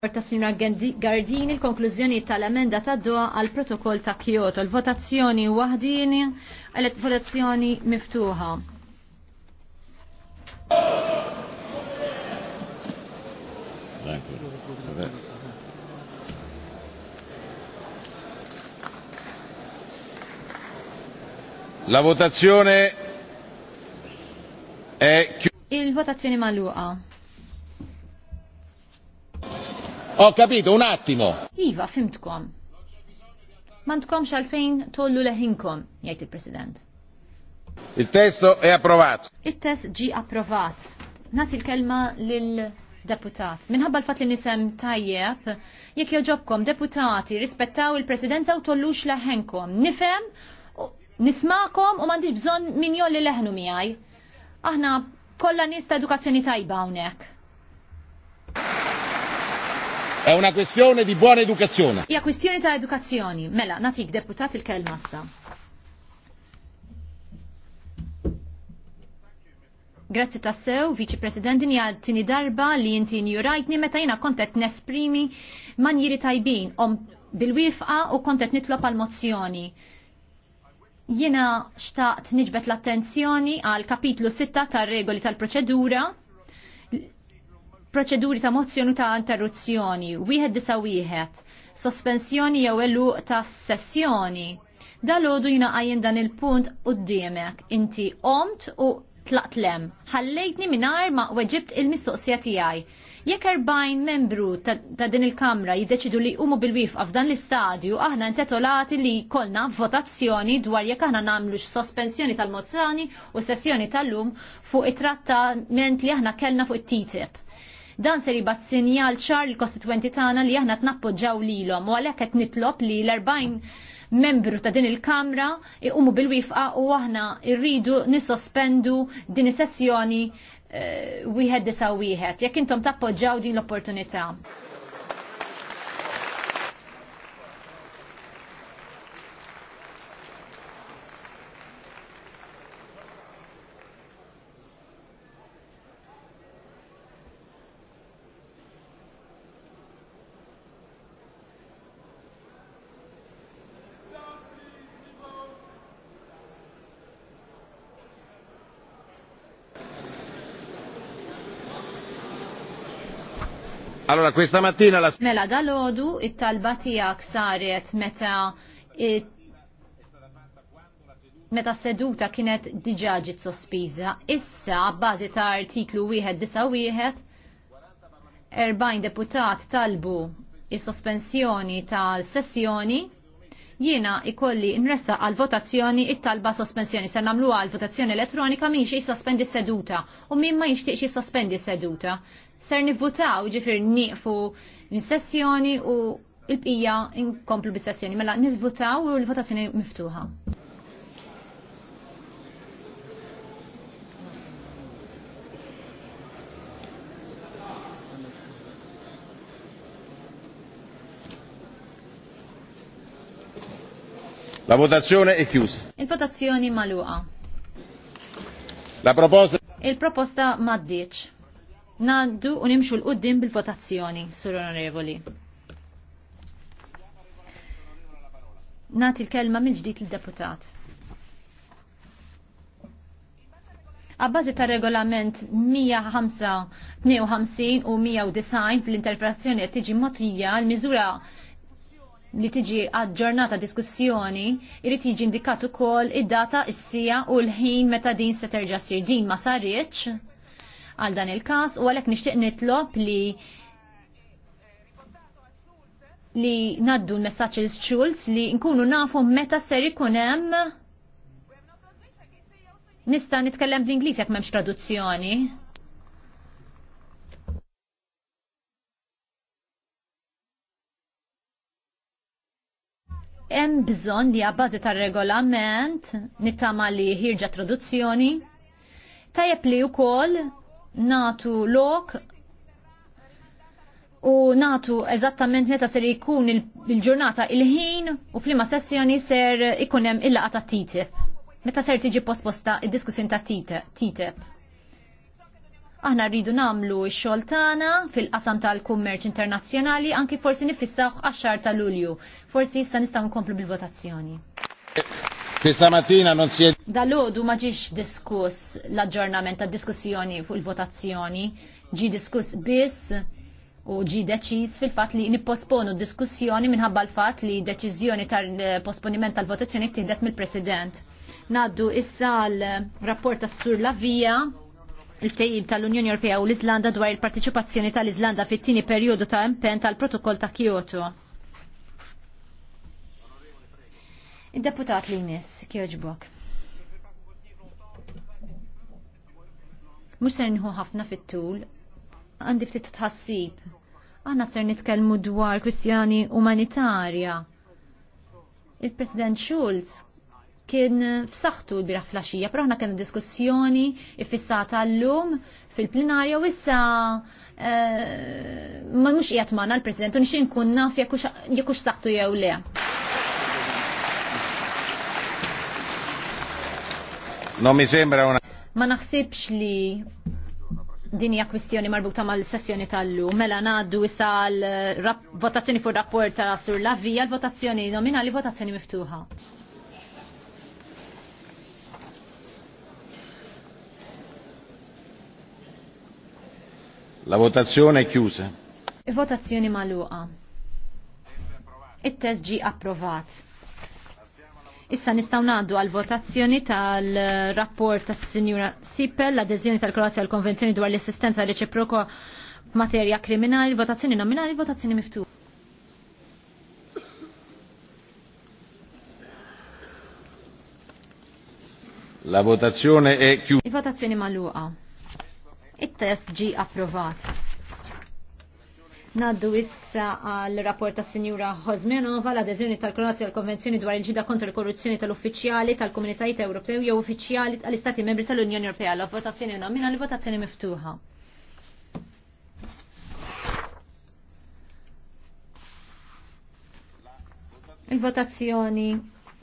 Porta Sinra Gardini il konklużjoni tal-emenda ta' doa għal protokoll ta' Kyoto. L-votazzjoni wahdini, għal votazzjoni miftuħa. La votazione è chiusa. Il votazione maluqa. Ho capito, un attimo. Iva, fimtkom. Mantkomx x'alfejn tollu leħinkom, jgħid il-President. Il-testo è approvato. Il-test ġi approvat. Nati il-kelma lil deputat. Minħabba l-fat li nisem tajjeb, jekk joġobkom deputati rispettaw il-presidenza u tollux leħenkom. Nifem, nismakom u mandiġ bżon min li leħnu miħaj. Aħna kolla nista ta' edukazzjoni tajba unek. È una questione di buona educazione. Hija questione ta' edukazzjoni. Mela, natik deputat il-kelma issa. Grazzi tassew, Viċi President, dinja tini darba li jinti njurajtni meta jina kontet nesprimi manjiri tajbin om bil-wifqa u kontet nitlob għal-mozzjoni. Jina xtaqt nġbet l-attenzjoni għal kapitlu 6 tar regoli tal-proċedura proċeduri ta' mozzjoni ta' interruzzjoni, wieħed disa wieħed, sospensjoni jew elu ta' sessjoni. Dalodu jina għajin dan il-punt u d-diemek, inti omt u tlaqtlem. lem, ħallejtni minar ma' weġibt il-mistoqsija tijaj. Jekk erbajn membru ta' din il-Kamra jiddeċidu li umu bil wif f'dan l-istadju, aħna intetolati li kolna votazzjoni dwar jekk aħna namlu sospensjoni tal-mozzjoni u sessjoni tal-lum fuq it-trattament li aħna kellna fuq it-TTIP Dan se jibat sinjal ċar li kostituenti tagħna li aħna tnappoġġaw lilhom u għalhekk qed nitlob li l-40 membru ta' din il-Kamra iqumu bil-wifqa u aħna rridu nisospendu din is-sessjoni eh, wieħed disa wieħed jekk intom tappoġġaw din l-opportunità. Allora questa mattina la Mela dalodu it-talba tiegħek saret meta meta seduta kienet diġaġit ġiet sospiża. Issa bbażi ta' artiklu 191 40 deputat talbu is-sospensjoni tal-sessjoni jiena ikolli nressa għal votazzjoni it-talba sospensjoni se namlu għal votazzjoni elettronika miex jissospendi seduta u min ma jixtieqx jissospendi seduta. Ser nivvutaw ġifir nieqfu mis-sessjoni u l-bqija inkomplu bis-sessjoni mela nivvutaw u l-votazzjoni miftuħa. La votazione è chiusa. Il-votazzjoni maluqa. La proposta. Il-proposta maddic. Naddu u nimxu l-qoddim bil-votazzjoni, sur onorevoli. Nati l-kelma mill-ġdid il-deputat. għabbażi ta' regolament 152 u 190 fl-interpretazzjoni qed tiġi motija l-miżura li tiġi għadġornata diskussjoni irrid jiġi indikat ukoll id-data, is-sija u l-ħin meta din se terġa' ssir din ma saritx għal dan il-każ u għalhekk nixtieq nitlob li li naddu l-messaġġ il Schulz li nkunu nafu meta ser ikun hemm nista' nitkellem bl-Ingliż jekk m'hemmx traduzzjoni. hemm bżonn li għabbażi tar-regolament nittama li ħirġa traduzzjoni tajjeb li wkoll natu lok u natu eżattament meta ser ikun il il-ħin u flima sessjoni ser ikun hemm il-laqa ta' TTIP. E meta ser tiġi posposta id-diskussjoni ta' Tite. Aħna rridu namlu x tagħna fil-qasam tal-kummerċ internazzjonali anki forsi nifissaw għax tal ta' Lulju. Forsi issa nistgħu nkomplu bil-votazzjoni. Da mattina non si è... Dall'odu ma ġiex diskuss l-aġġornament ta' diskussjoni fuq il-votazzjoni, ġi diskuss biss u ġi deċiż fil-fat li nipposponu diskussjoni minħabba l-fat li deċiżjoni tal-posponiment tal-votazzjoni tieħdet mill-President. Naddu issa l-rapport tas Sur Lavija il-tejjib tal-Unjoni Ewropea u l-Iżlanda dwar il-partiċipazzjoni tal-Iżlanda fit-tieni perjodu ta' impen tal-Protokoll ta' Kyoto. Id-deputat li Kjoġbok. Mux ser nħu ħafna fit-tul, għandi ftit tħassib. Għanna ser nitkellmu dwar kwistjoni umanitarja. Il-President Schulz kien f'saħħtu l-biraħ flaxija, però aħna kien diskussjoni iffissata l-lum fil-plenarja u issa eh, ma mhux qiegħed magħna l-President u nixin kun naf jekk hux saħħtu jew le. No mi sembra una Ma naħsibx li din hija kwistjoni marbuta mal-sessjoni tal-lum. Mela ngħaddu issa l-votazzjoni fuq rapport ta' Sur Lavija, l-votazzjoni nominali, votazzjoni miftuħa. La votazione è chiusa. Votazzjoni maluqa. It-test G approvat. Issa nistaw naddu għal votazzjoni tal-rapport tas sinjura Sipel, l adezjoni tal-Kroazja għal konvenzjoni dwar l-assistenza reċiproko f'materja kriminali, votazzjoni nominali, votazzjoni miftu. La votazione è chiusa. Il votazzjoni maluqa it-test ġi approvat. Naddu issa għal rapport ta' Sinjura Hozmenova l-adeżjoni tal-Kroazja għal konvenzjoni dwar il-ġida kontra l-korruzzjoni tal-uffiċjali tal-Komunitajiet Ewropew jew uffiċjali tal-Istati Membri tal-Unjoni Ewropea. La votazzjoni nomina l-votazzjoni miftuħa. Il-votazzjoni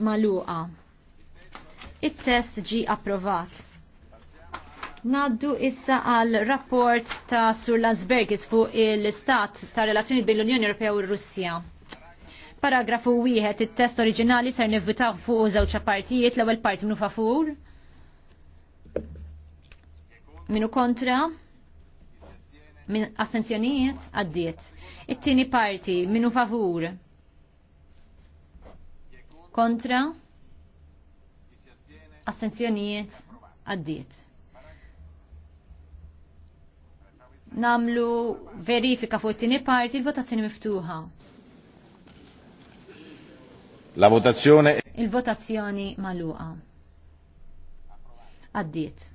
maluqa. Il-test ġi approvat. Naddu issa għal rapport ta' Sur Lansbergis fuq il-stat ta' relazzjoni bejn l-Unjoni Ewropea u Russja. Paragrafu wieħed it-test oriġinali ser nevvitaw fuq żewġ partijiet l-ewwel parti minu favur. Minu kontra? Min astenzjonijiet għaddiet. It-tieni parti minu favur. Kontra? Astenzjonijiet għaddiet. namlu verifika fuq it-tieni parti il-votazzjoni miftuħa. La votazione Il-votazzjoni maluqa. Addiet.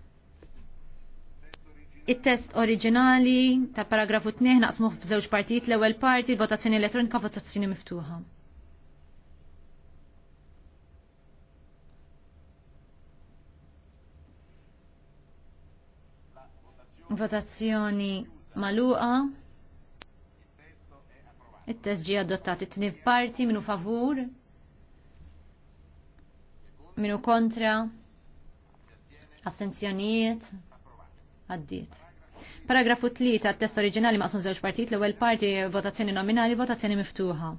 Il-test oriġinali ta' paragrafu 2 naqsmu f'żewġ partijiet l-ewwel parti, votazzjoni elettronika, votazzjoni miftuħa. Votazzjoni maluqa. Il-test ġi adottati t-tnif parti minu favur, minu kontra, assenzjonijiet, għaddit. Paragrafu 3 tat-test oriġinali maqsum żewġ partit l-ewwel parti votazzjoni nominali, votazzjoni miftuħa.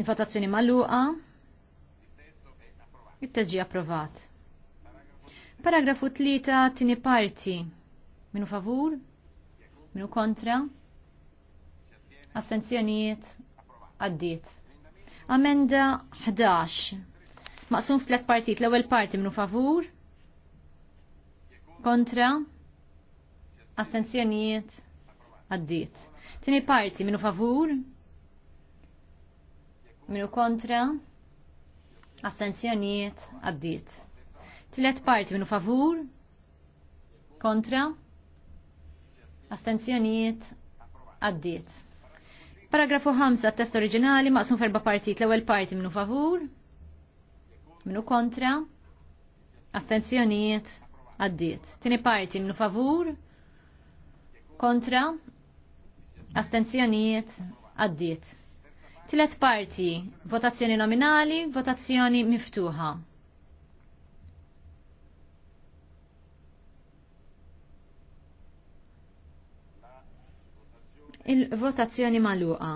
Il-votazzjoni maluqa. Il-test ġi approvat. Paragrafu 3, tini parti. Minu favur? Minu kontra? Astenzjonijiet? Addiet. Amenda 11. Maqsum f'tlet partit. L-ewwel parti minu favur? Kontra? Astenzjonijiet? Għaddiet. Tini parti minu favur? Minu kontra? Astenzjonijiet għaddiet. Tilet parti minu favur? Kontra? Astenzjonijiet għaddiet. Paragrafu 5 test oriġinali maqsum ferba partit l-ewwel parti minu favur? Minu kontra? Astenzjonijiet għaddiet. Tini parti minu favur? Kontra? Astenzjonijiet għaddiet. Tilet parti, votazzjoni nominali, votazzjoni miftuħa. Il-votazzjoni maluqa.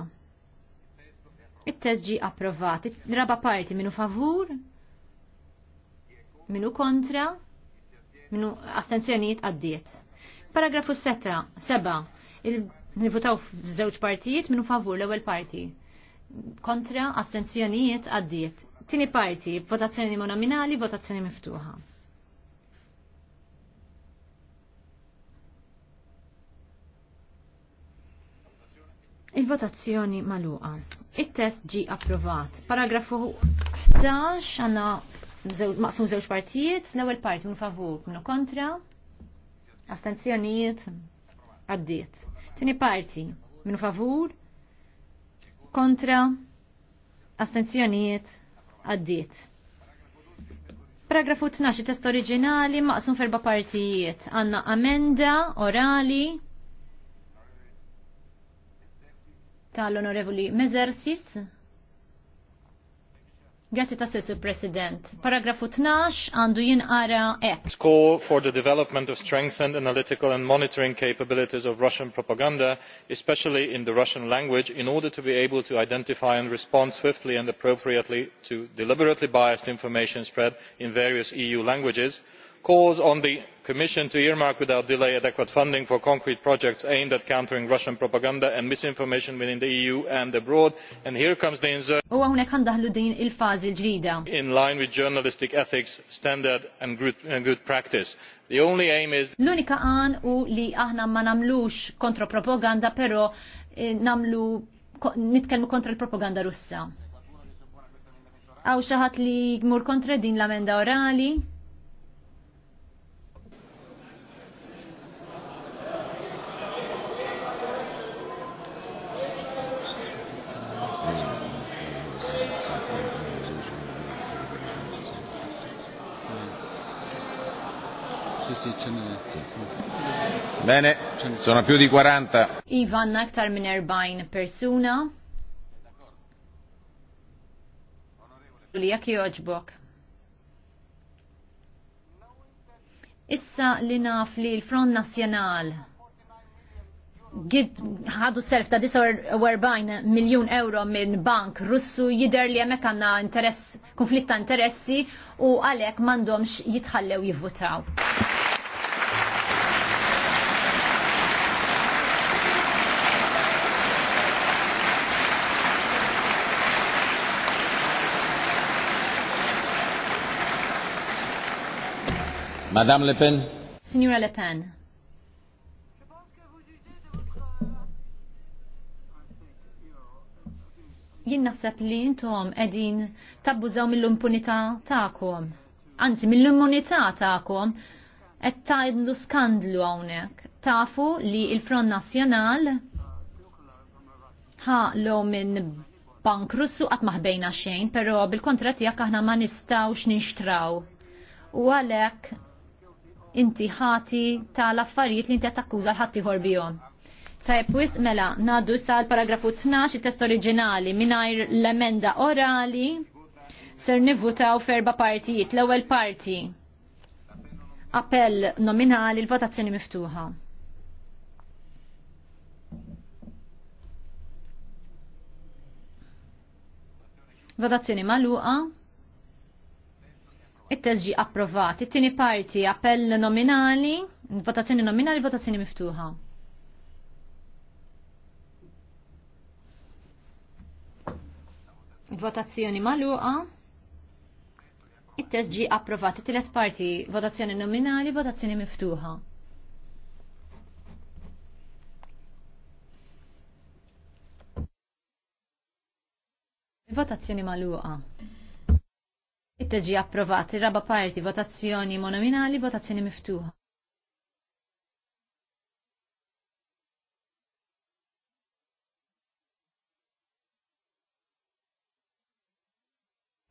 Il-test ġi approvat. Raba parti minu favur, minu kontra, minu astenzjonijiet għaddiet. Paragrafu 7, il-votaw f'żewġ partijiet minu favur l-ewwel parti kontra astenzjonijiet għaddiet. Tini parti, votazzjoni monominali, votazzjoni miftuħa. Il-votazzjoni maluqa. Il-test ġi approvat. Paragrafu 11 għanna maqsum zewġ partijiet. L-ewel parti minn favur, minn kontra. Astenzjonijiet għaddiet. Tini parti minn favur, kontra, astenzjonijiet, għaddiet. Paragrafu 12, test oriġinali, maqsum ferba partijiet. Għanna amenda, orali, tal-onorevoli Mezersis, Grazie ta' sessu President. Paragrafu 12 għandu jinqara ek. Call for the development of strengthened analytical and monitoring capabilities of Russian propaganda, especially in the Russian language, in order to be able to identify and respond swiftly and appropriately to deliberately biased information spread in various EU languages, calls on the commission to earmark without delay adequate funding for concrete projects aimed at countering russian propaganda and misinformation within the eu and abroad and here comes the insert in line with journalistic ethics standard and good, and good practice. the only aim is l-unika għan hu li aħna ma nagħmlux kontra propaganda però eh, namlu nitkellmu kontra l-propaganda russa. Għaw xi li mur kontra din l-amenda orali? Bene, sono più di 40. Ivan aktar minn 40 persuna. Li joġbok. Issa li naf li l-Front Nazjonal ħadu self ta' 49 miljon euro minn bank russu jider li jemek għanna interess, konflitt ta' interessi u għalek mandomx jitħallew jivvotaw. Madame Le Pen. Signora Le Pen. jien naħseb li intom edin tabbużaw mill-impunità tagħkom. Anzi, mill-immunità tagħkom, qed tajdlu skandlu hawnhekk. Tafu li il-Front Nazzjonal ħaqlu minn bank russu qatt maħbejna xejn, però bil kontrat tiegħek aħna ma nistgħux ninxtraw. U għalhekk inti ħati tal-affarijiet li inti attakkuza l ħatti bihom. Tajb, wis mela, naddu issa l-paragrafu 12, test oriġinali, mingħajr l-emenda orali, ser nivvutaw ferba partijiet. L-ewwel parti, appell nominali, l-votazzjoni miftuħa. Votazzjoni maluqa it-test approvat. It-tieni parti appell nominali, votazzjoni nominali, votazzjoni miftuħa. Votazzjoni maluqa. It-test approvat. It-tielet parti, votazzjoni nominali, votazzjoni miftuħa. Votazzjoni maluqa it-teġi approvat, ir-raba parti, votazzjoni monominali, votazzjoni miftuħa.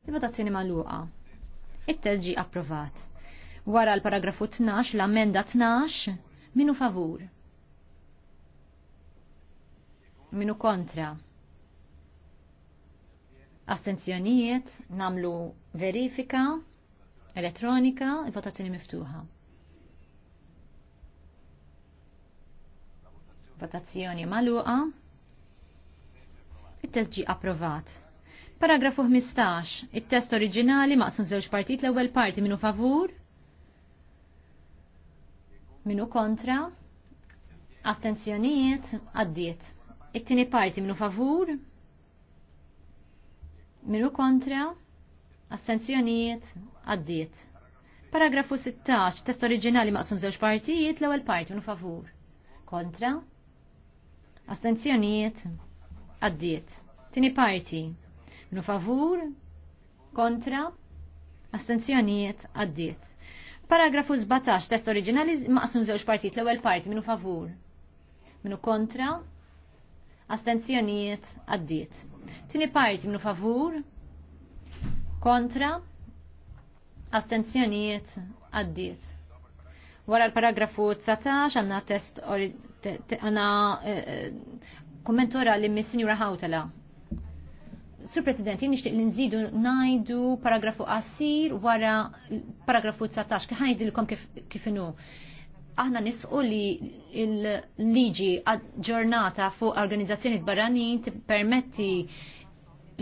Il-votazzjoni magħluqa. It-teġi approvat. Wara l-paragrafu 12, l-ammenda 12, minu favur. Minu kontra astenzjonijiet, namlu verifika, elettronika, votazzjoni miftuħa. Votazzjoni maluqa. Il-test ġi approvat. Paragrafu 15. Il-test oriġinali maqsum żewġ partit l-ewwel parti minu favur. Minu kontra. Astenzjonijiet għaddiet. It-tieni parti minu favur. Miru kontra, astenzjonijiet, għaddiet. Paragrafu 16, test oriġinali maqsum żewġ partijiet, l-ewwel parti unu favur. Kontra, astenzjonijiet, għaddiet. Tini parti, unu favur, kontra, astenzjonijiet, għaddiet. Paragrafu 17, test oriġinali maqsum żewġ partijiet, l-ewwel parti minu favur. Minu kontra, astenzjonijiet għaddiet. Tini parti minnu favur, kontra, astenzjonijiet għaddiet. Wara l-paragrafu 19 għanna test għanna eh, eh, kommentora li mis-Sinjura Hautala. Sur President, jien nixtieq li nżidu ngħidu paragrafu qasir wara paragrafu 19 kif ħajdilkom kif inhu. Kif aħna nisqu li il-liġi ġurnata fuq organizzazzjoni barranin permetti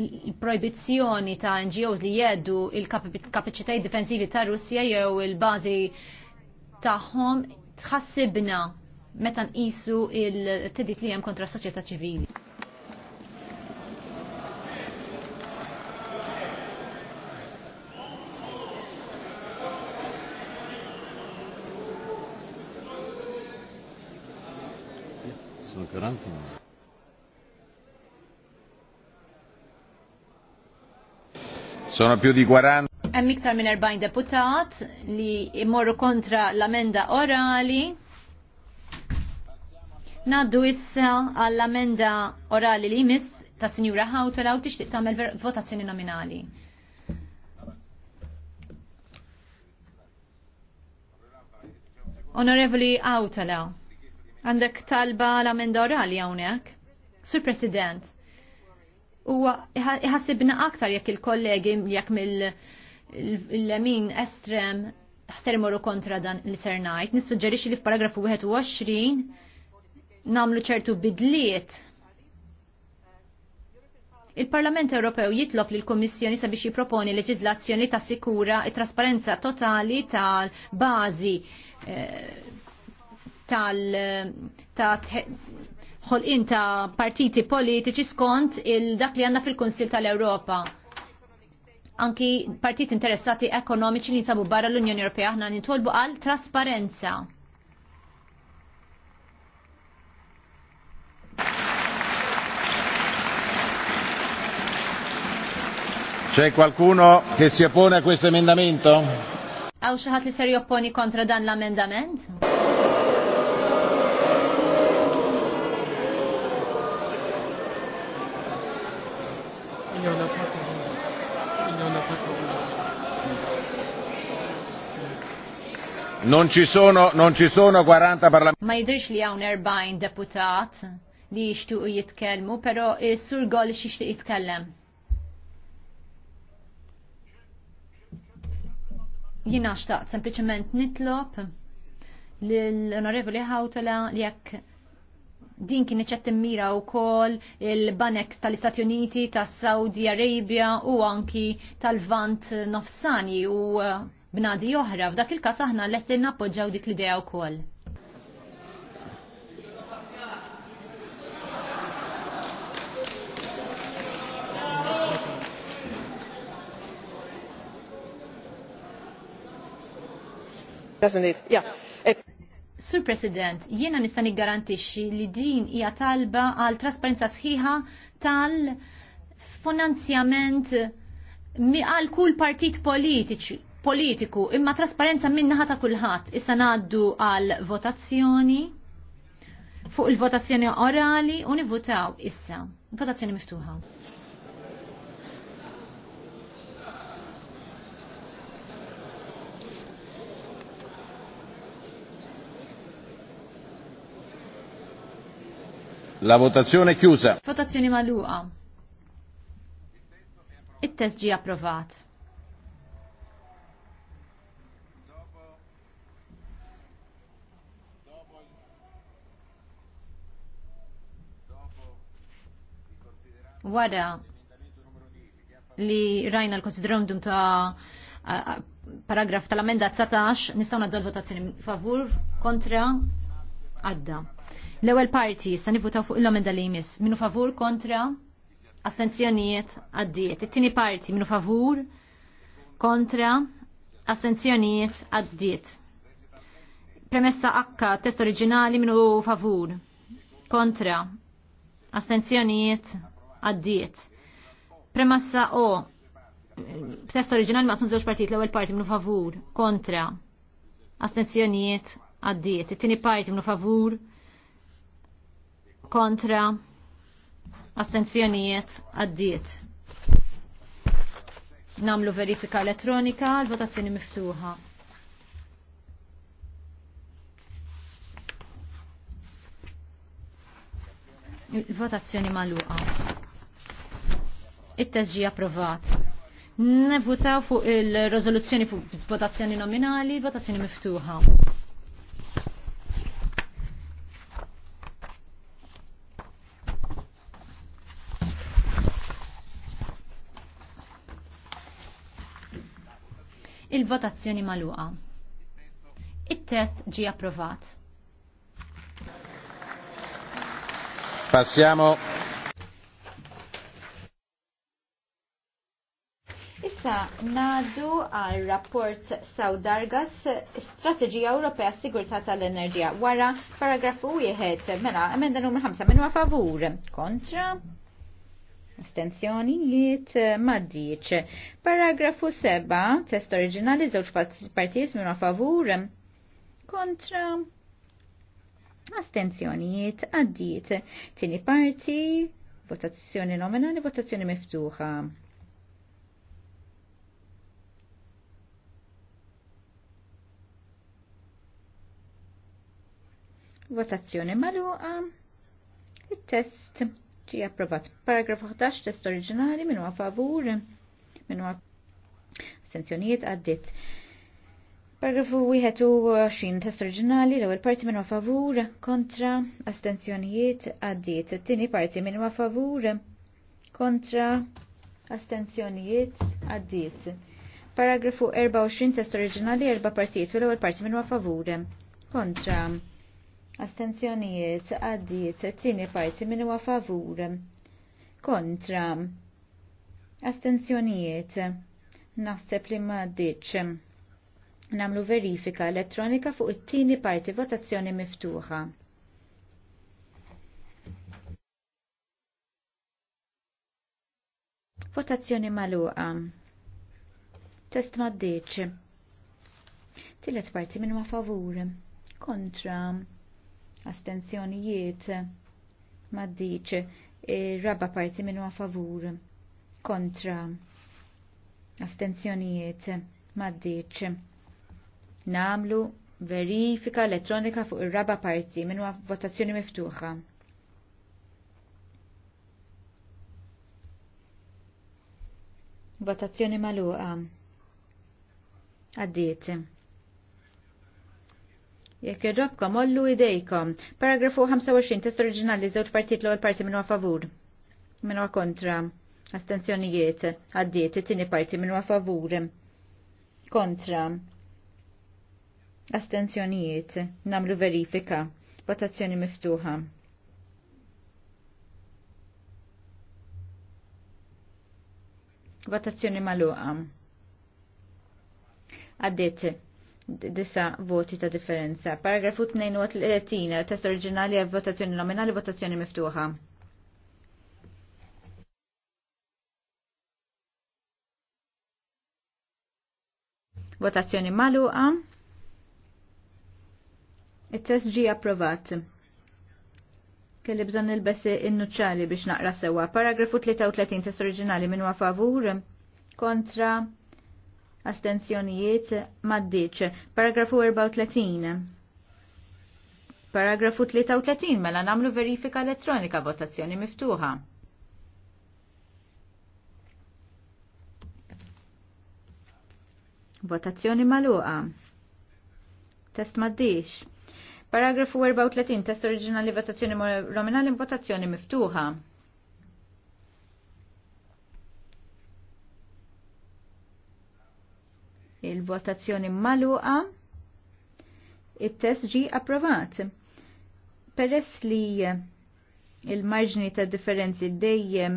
il-proibizzjoni ta' NGOs li jeddu il-kapacitaj difensivi ta' russija jew il-bazi tagħhom tħassibna meta nqisu il-tedit li hemm kontra s-soċjetà ċivili. Sono più di 40. Hemm iktar minn 40 deputat li imorru kontra l-amenda orali. Naddu issa għall-amenda orali li jmiss ta' Sinjura Hawtala u tixtieq tagħmel votazzjoni nominali. Onorevoli Awtala, għandek talba l-amenda orali hawnhekk? Sur President, huwa iħassibna aktar jekk il-kollegi jekk mill-lemin estrem ħser imorru kontra dan li ser najt, Nissuġġerixxi li f'paragrafu 21 nagħmlu ċertu bidliet Il-Parlament Ewropew jitlob l kummissjoni sabiex jipproponi leġizlazzjoni ta' sikura e trasparenza totali tal-bażi eh, tal ħolqien ta' partiti politiċi skont il-dak li għandna fil konsil tal-Ewropa. Anki partiti interessati ekonomiċi li sabu barra l-Unjoni Ewropea aħna nitolbu għal trasparenza. C'è qualcuno che si oppone a questo emendamento? xi ħadd li ser jopponi kontra dan l-amendament? Non ci sono, non ci sono 40 parlamentari. Ma jidrix li hawn 40 deputat li jishtu jitkellmu, jitkelmu, pero sur Gol xixtieq jitkellem. Jina xtaqt sempliċement nitlob l-Onorevoli Hawtola li jekk din kien iċċett u wkoll il-banek tal-Istati Uniti, tas-Saudi Arabia u anki tal-Vant Nofsani u b'nadi oħra f'dak il-każ aħna lesti nappoġġaw dik l-idea wkoll. Eh, Sur President, jiena nista' niggarantixxi li din hija talba għal trasparenza sħiħa tal-finanzjament għal kull partit politiċi politiku imma trasparenza minnaħa ta' kulħadd. Issa ngħaddu għal votazzjoni fuq il-votazzjoni orali u nivvutaw issa. Votazzjoni miftuħa. La votazione chiusa. Votazione maluqa. Il test ġi approvat. wara li rajna l-konsiderandum ta' paragraf tal-amenda 19 nistaw naddu l-votazzjoni favur kontra għadda. L-ewwel parti sta nivvutaw fuq l-amenda li jmiss minu favur kontra astenzjonijiet għaddiet. It-tieni parti minu favur kontra astenzjonijiet għaddiet. Premessa H test oriġinali minu favur kontra astenzjonijiet għaddiet. Premassa O, b'test oriġinali maqsum żewġ partit l ewel parti minnu favur, kontra, astenzjonijiet għaddiet. It-tieni parti minnu favur, kontra, astenzjonijiet għaddiet. Namlu verifika elettronika, l-votazzjoni miftuħa. Il-votazzjoni maluqa it-test approvat. Nevutaw fuq il-rezoluzzjoni fuq votazzjoni nominali, votazzjoni miftuħa. Il-votazzjoni maluqa. Il-test ġi approvat. Passiamo Issa nadu għal rapport Saudargas Strategija Ewropea Sigurtà tal-Enerġija wara paragrafu wieħed mela emenda numru 5 minnu favur kontra Astenzjonijiet maddiċ. Paragrafu 7, test oriġinali żewġ partijiet minnu favur kontra Astenzjonijiet għaddiet. Tini parti, votazzjoni nominali, votazzjoni miftuħa. Votazzjoni maluqa. Il-test ġi approvat. Paragraf 11, test oriġinali, minu favur, minu astenzjonijiet għaddit. Paragrafu 21, test oriġinali, l-ewwel parti minu favur, kontra, astenzjonijiet għaddit. Tini parti minu favur, kontra, astenzjonijiet għaddit. Paragrafu 24, test oriġinali, erba partijiet, l-ewwel parti minu favur, kontra, astenzjonijiet għaddiet t-tini parti minn huwa favur kontra astenzjonijiet naħseb li ma nagħmlu namlu verifika elettronika fuq it-tini parti votazzjoni miftuħa. Votazzjoni maluqa. Test maddiċ. Tillet parti minn ma favur. Kontra astenzjonijiet maddiċ e, raba parti minnu a favur kontra astenzjonijiet maddiċ namlu verifika elettronika fuq ir-raba parti minn votazzjoni miftuħa. Votazzjoni maluqa. Għaddiet. Jekk irrobkom, ollu idejkom. Paragrafu 25, test oriġinali, żewġ partit l-ewwel parti minnu favur. Minnu kontra. Astenzjonijiet, għaddiet, it-tieni parti minnu favur. Kontra. Astenzjonijiet, namlu verifika. Votazzjoni miftuħa. Votazzjoni maluqa. Għaddiet, disa voti ta' differenza. Paragrafu 32, test oriġinali għal votazzjoni nominali, votazzjoni miftuħa. Votazzjoni maluqa. Il-test ġi approvat. Kelli bżon il-bessi innuċċali biex naqra sewa. Paragrafu 33, test oriġinali minn favur kontra astenzjonijiet maddiċ. Paragrafu 34. Paragrafu 33 mela namlu verifika elettronika votazzjoni miftuħa. Votazzjoni maluqa. Test maddiċ. Paragrafu 34 test oriġinali votazzjoni nominali votazzjoni miftuħa. Il-votazzjoni maluqa. Il-test ġi approvat. Peress li il-marġni ta' differenzi dejjem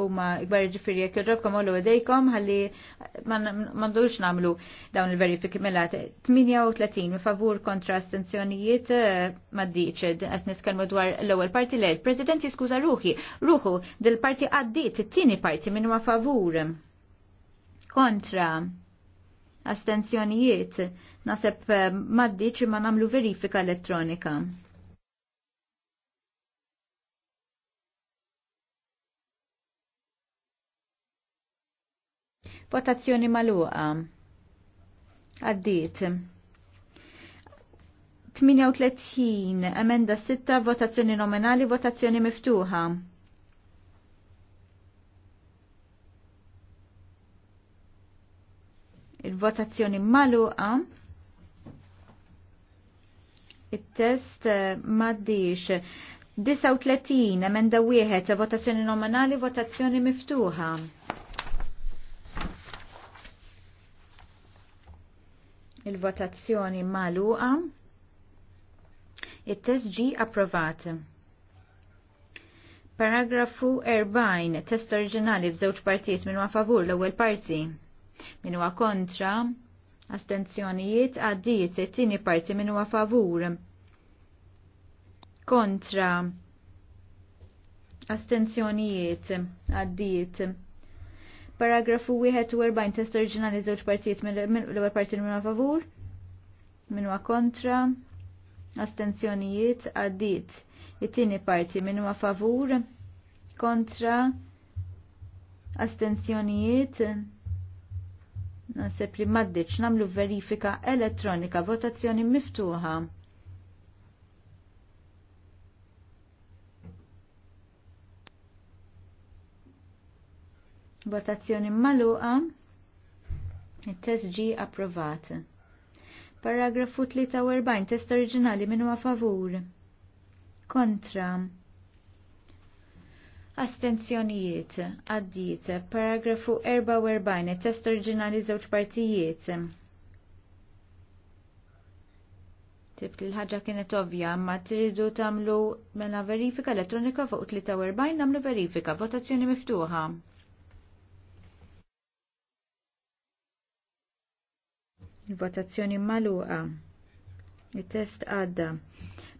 u ma ikbar ġifiri jek joġobkom u l-għodejkom għalli mandux namlu dawn il-verifiki mela 38 favur kontra astenzjonijiet eh, ma diċ għet nitkelmu dwar l-ewel parti l President jiskuza ruħi ruħu dil-parti għaddit it-tini parti minn ma favur kontra astenzjonijiet naseb eh, maddiċ ma namlu verifika elettronika. Votazzjoni maluqa. Għaddit. 38, emenda 6, votazzjoni nominali, votazzjoni miftuħa. il-votazzjoni maluqa il-test eh, maddix 39 emenda wieħed votazzjoni nominali votazzjoni miftuħa Il-votazzjoni maluqa. it test approvat. Paragrafu 40. Test oriġinali f'żewġ partijiet minn favur l-ewwel parti. Min huwa kontra. Astenzjonijiet għaddiet it-tieni parti minn huwa favur. Kontra. Astenzjonijiet għaddijiet. Paragrafu 41 test oriġinali żewġ partijiet mill-ewwel parti minna favur, huwa kontra, astenzjonijiet għaddiet. It-tieni parti huwa favur, kontra, astenzjonijiet Naseb li maddiċ namlu verifika elettronika votazzjoni miftuħa. Votazzjoni maluqa. Il-test ġi approvat. Paragrafu 43, test oriġinali minnu a favur. Kontra. Astenzjonijiet, għaddiet, paragrafu 44, test oriġinali żewġ partijiet. Tip li l-ħagġa kienet ovvja, ma tridu tamlu mela verifika elettronika fuq 43 namlu verifika, votazzjoni miftuħa. Votazzjoni maluqa. Il-test għadda.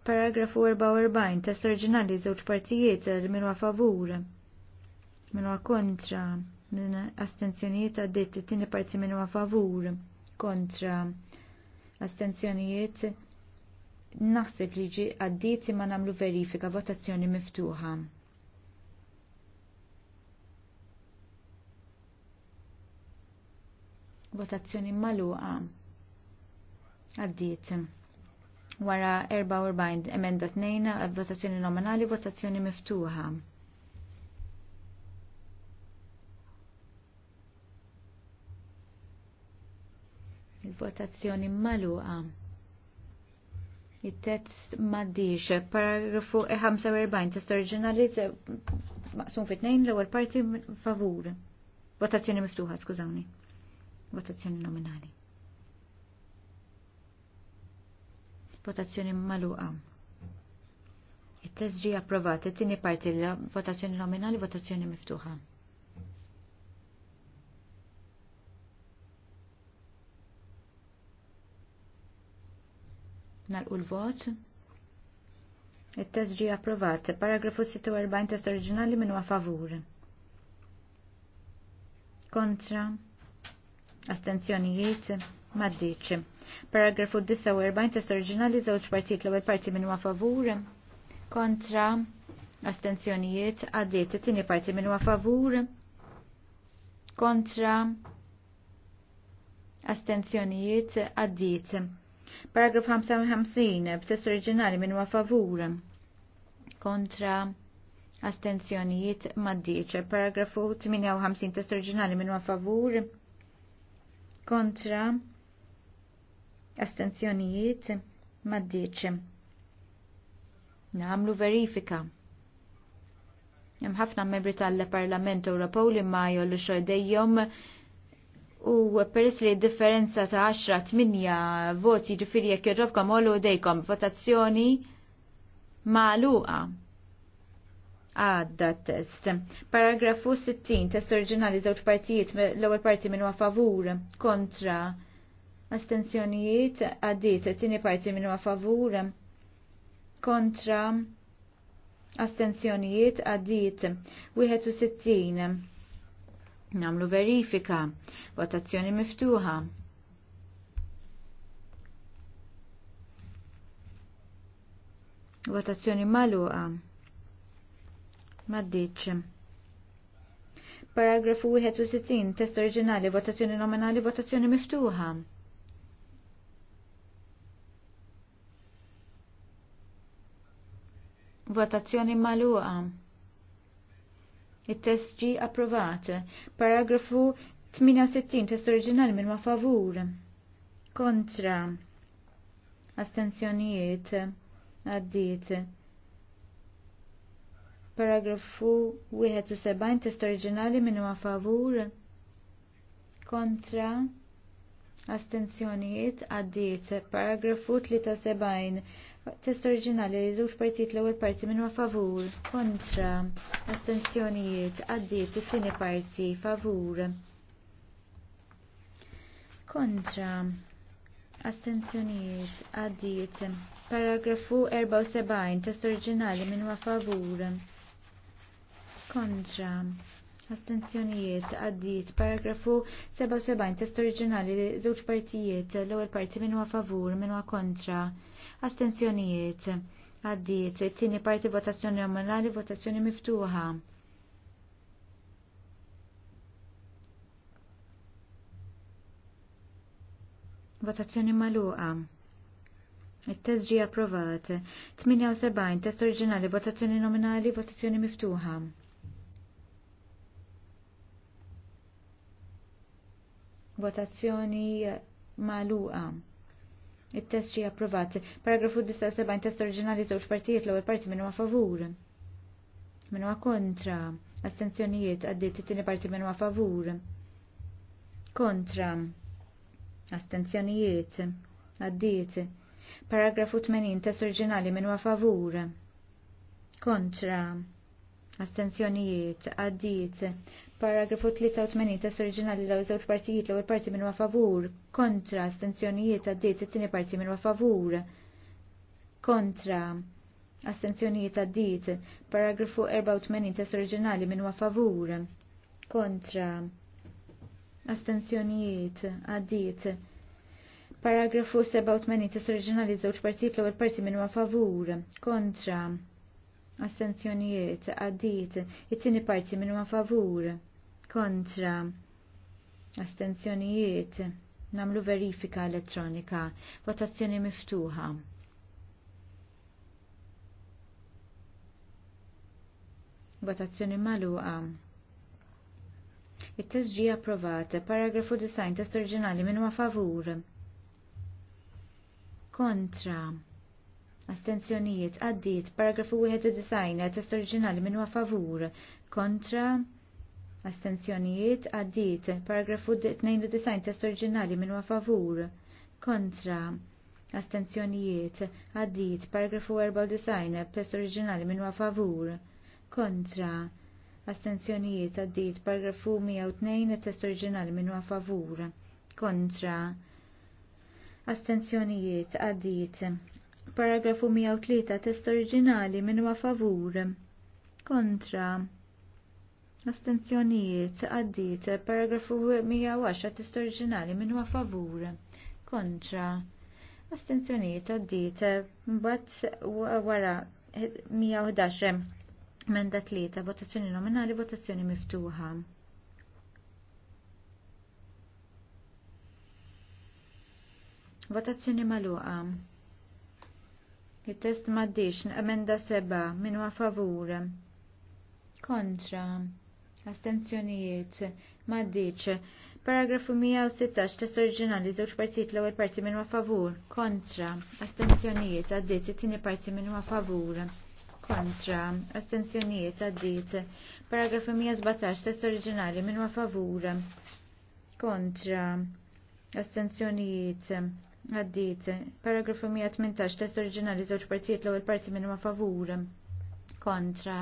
Paragrafu 44, test oriġinali żewġ partijiet minn huwa favur, minn huwa kontra, minn astenzjonijiet għaddit it-tieni parti minn huwa favur, kontra astenzjonijiet naħseb li ġi għaddit ma nagħmlu verifika votazzjoni miftuħa. Votazzjoni maluqa. Għaddiet. Wara 44 emenda għal votazzjoni nominali, votazzjoni miftuħa. Il-votazzjoni maluqa. Il-test maddiġ, paragrafu 45, test oriġinali maqsum fit tnejn l-ewwel parti favur. Votazzjoni miftuħa, skużawni. Votazzjoni nominali. votazzjoni maluqa. Il-test ġi approvat, it-tini parti l-votazzjoni nominali, votazzjoni miftuħa. Nalqu l-vot. Il-test ġi approvat, paragrafu 46 test oriġinali minn favur. Kontra astenzjonijiet maddiċ. Paragrafu 49 test oriġinali żewġ partit l-ewwel parti minn favur kontra astenzjonijiet għaddiet it-tieni parti minn favur kontra astenzjonijiet għaddiet. Paragraf 55 b'test oriġinali minn huwa favur kontra astenzjonijiet maddiċ. Paragrafu 58 test oriġinali minn huwa favur kontra astenzjonijiet maddiċ. Namlu verifika. Hemm ħafna membri tal-Parlament Ewropew li ma jollu xoħdejjom u peress li differenza ta' 10-8 voti ġifiri jekk jogħġobkom ollu dejkom votazzjoni ma' luqa għadda test. Paragrafu 60, test oriġinali żewġ partijiet, l-ewwel parti minnu huwa favur, kontra, astensjonijiet għaddiet, it parti minnu huwa favur, kontra, astensjonijiet għaddiet, 61. Namlu verifika, votazzjoni miftuħa. Votazzjoni maluqa. Maddiċ. Paragrafu 61, test oriġinali, votazzjoni nominali, votazzjoni miftuħa. Votazzjoni maluqa. Il-test ġi approvat. Paragrafu 68, test oriġinali minn ma favur. Kontra. Astenzjonijiet. Addiet Paragrafu 71 test oriġinali minnu ma favur kontra astenzjonijiet għaddiet. Paragrafu 73 test oriġinali li żewġ partit l-ewwel parti ma favur, kontra, astensjonijiet, għaddiet it-tieni parti favur. Kontra, astensjonijiet, għaddiet. Paragrafu 74 test oriġinali ma favur, kontra astenzjonijiet għaddiet paragrafu 77 test oriġinali li żewġ partijiet l-ewwel parti minnu favur minnu kontra astenzjonijiet għaddiet it-tieni parti votazzjoni nominali votazzjoni miftuħa. Votazzjoni maluqa. Il-test ġie approvat. 78 test oriġinali, votazzjoni nominali, votazzjoni miftuħa. Votazzjoni maluqa. Il-test ġie approvat. Paragrafu 79 test oriġinali żewġ partijiet l-ewwel parti minnu ma' favur. Minnu ma' kontra. Astenzjonijiet għaddiet it-tieni parti minnu ma' favur. Kontra. Astenzjonijiet għaddiet. Paragrafu 80 test oriġinali minnu ma' favur. Kontra astenzjonijiet għaddiet. Paragrafu 83 test oriġinali l żewġ partijiet l-ewwel parti minn favur kontra astenzjonijiet għaddiet it-tieni parti minn favur kontra astenzjonijiet għaddiet. Paragrafu 84 test oriġinali minn favur kontra astenzjonijiet għaddiet. Paragrafu 87 test oriġinali żewġ partijiet l-ewwel parti minn favur kontra astenzjonijiet għaddit it-tieni parti minn ma favur kontra astenzjonijiet namlu verifika elettronika votazzjoni miftuħa votazzjoni maluqa it tesġi ġie approvat paragrafu design test oriġinali minn ma favur kontra Astenzjonijiet għaddiet paragrafu 91 test oriġinali minnu favur kontra astenzjonijiet għaddiet paragrafu 92 test oriġinali minnu favur kontra astenzjonijiet għaddiet paragrafu 94 test oriġinali minnu favur kontra astenzjonijiet għaddiet paragrafu 102 test oriġinali minnu favur kontra astenzjonijiet għaddit Paragrafu 103 test oriġinali minn ma favur. Kontra. Astenzjonijiet għaddit. Paragrafu 110 test oriġinali minn ma favur. Kontra. Astenzjonijiet għaddit. Mbagħad wara 111 menda tlieta votazzjoni nominali votazzjoni miftuħa. Votazzjoni magħluqa. Il-test maddix, emenda seba, minn ma favur. Kontra. Astenzjonijiet. Maddiċ. Paragrafu 116, test oriġinali, żewġ partit l-ewwel parti minn favur. Kontra. Astenzjonijiet għaddiet it-tieni parti minn favur. Kontra. Astenzjonijiet għaddiet. Paragrafu 117, test oriġinali minn favur. Kontra. Astenzjonijiet Għaddit, paragrafu 118, test oriġinali żewġ partijiet l-ewwel parti minn ma favur kontra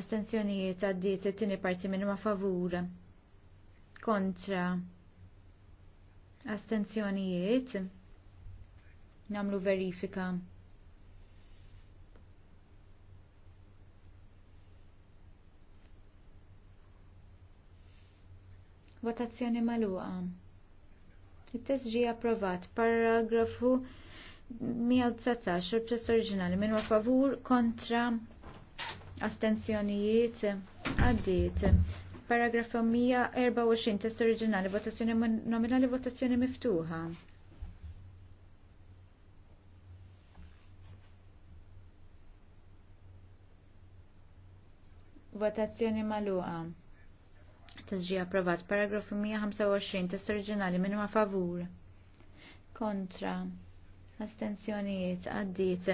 astenzjonijiet għaddit it-tieni parti minn ma favur kontra astenzjonijiet namlu verifika. Votazzjoni maluqa. Il-test ġie approvat. Paragrafu 119, il-test oriġinali. Minu favur kontra astensjonijiet għaddit. Paragrafu 124, test oriġinali, votazzjoni nominali, votazzjoni miftuħa. Votazzjoni maluqa. Tasġi approvat. Paragrafu 125. Test oriġinali minn ma favur. Kontra. Astenzjonijiet. Għaddit.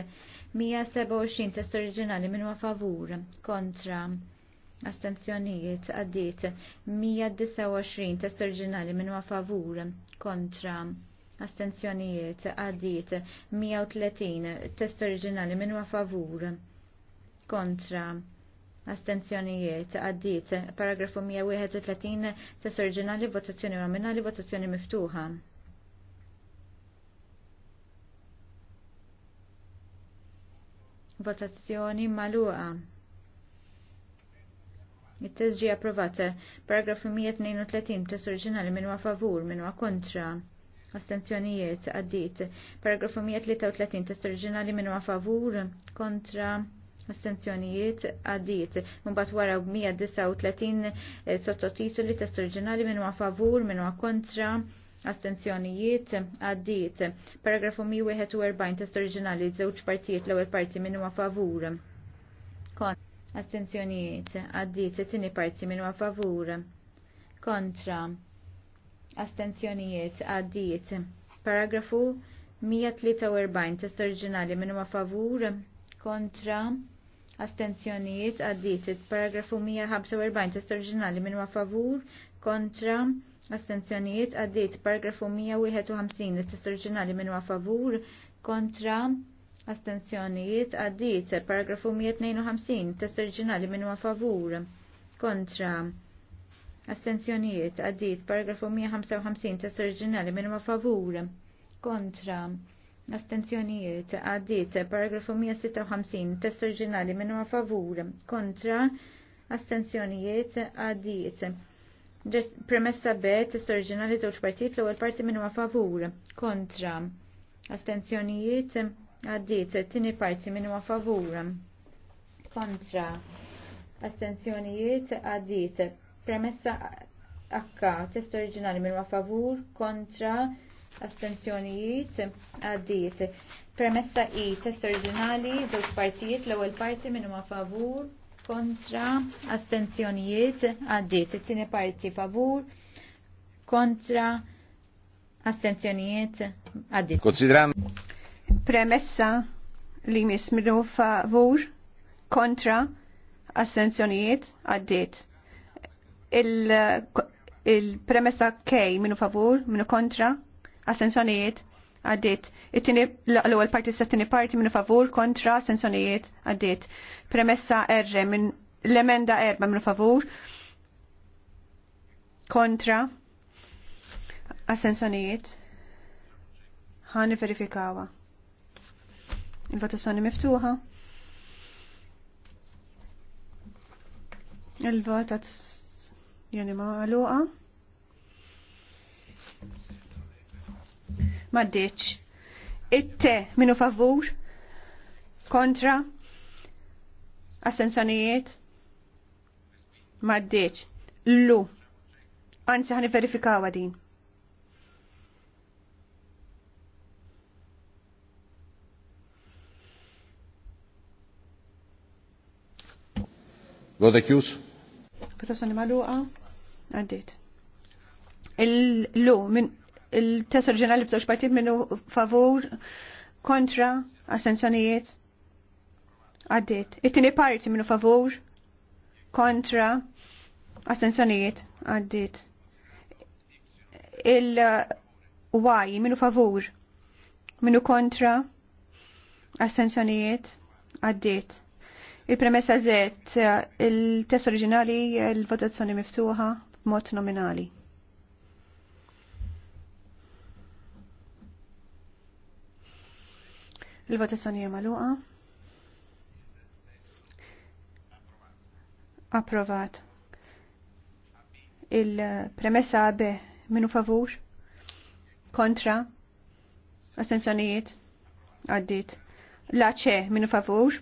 127. Test oriġinali minn ma favur. Kontra. Astenzjonijiet. Għaddit. 129. Test oriġinali minn ma favur. Kontra. Astenzjonijiet. Għaddit. 130. Test oriġinali minn ma favur. Kontra astenzjonijiet għaddit. Paragrafu 131 test oriġinali votazzjoni nominali votazzjoni miftuħa. Votazzjoni maluqa. Il-test ġi approvat. Paragrafu 132 test oriġinali minwa favur, minwa kontra. Astenzjonijiet għaddit. Paragrafu 133 test oriġinali minwa favur, kontra astenzjonijiet għaddiet. Mbagħad wara 139 eh, sottotitoli test oriġinali minn huwa favur, minn huwa kontra, astenzjonijiet għaddiet. Paragrafu 141 test oriġinali żewġ partijiet l-ewwel parti minn huwa favur. Kon astenzjonijiet għaddiet it-tieni parti minn huwa favur. Kontra astenzjonijiet għaddiet. Paragrafu 143 test oriġinali minn huwa favur kontra astenzjonijiet għaddit. Paragrafu 145 test oriġinali minn favur kontra astenzjonijiet għaddit. Paragrafu 151 test oriġinali minn favur kontra astenzjonijiet għaddit. Paragrafu 152 test oriġinali minn favur kontra astenzjonijiet għaddit. Paragrafu 155 test oriġinali minn favur kontra Astenzjonijiet għaddit paragrafu 156 test oriġinali minnu huwa favur kontra astenzjonijiet għaddit. Premessa B test oriġinali żewġ partit l-ewwel parti minnu huwa favur kontra astenzjonijiet għaddit it-tieni parti minnu huwa favur kontra astenzjonijiet għaddit. Premessa H test oriġinali minn huwa favur kontra astenzjonijiet għaddiet. Premessa i test oriġinali zewġ partijiet l-ewwel parti minnu huma favur kontra astenzjonijiet għaddiet. It-tieni parti favur kontra astenzjonijiet għaddiet. Konsidran premessa li minnu favur kontra astenzjonijiet għaddiet. Il-premessa il, il kej minu favur, minnu kontra, Assenzjonijiet għaddit. L-ewwel parti s tieni parti minn favur kontra assenzjonijiet għaddit. Premessa R minn l-emenda erba minn favur kontra assenzjonijiet ħani verifikawa. Il-votazzjoni miftuħa. Il-votazzjoni ma' għaluqa. ma It-te minu favur, kontra, assenzjonijiet, maddiċ. Lu, anzi ħani verifikaw din. Għodha kjus? Votazzjoni maluqa, għaddit. Il-lu, minn il-test oriġinali b'żewġ partit minnu favur kontra assenzjonijiet għaddiet. It-tieni parti minnu favur kontra assenzjonijiet għaddiet. Il-waj minnu favur minnu kontra assenzjonijiet għaddiet. Il-premessa Z, il-test oriġinali, il-votazzjoni miftuħa, mod nominali. Il-votazzjoni hija magħluqa. Approvat. Il-premessa B minu favur? Kontra? Astenzjonijiet? Għaddit. La C minu favur?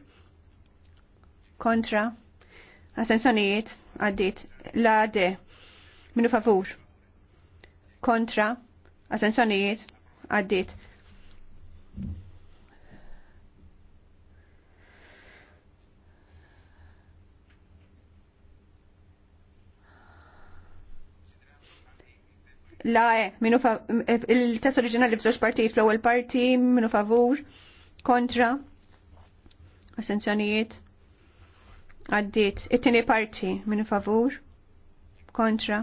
Kontra? Astenzjonijiet? Għaddit. La D minu favur? Kontra? Astenzjonijiet? Għaddit. la eh, minu eh, il-test oriġinali f'żewġ parti fl-ewwel parti minu favur kontra assenzjonijiet għaddit, it-tieni parti minu favur kontra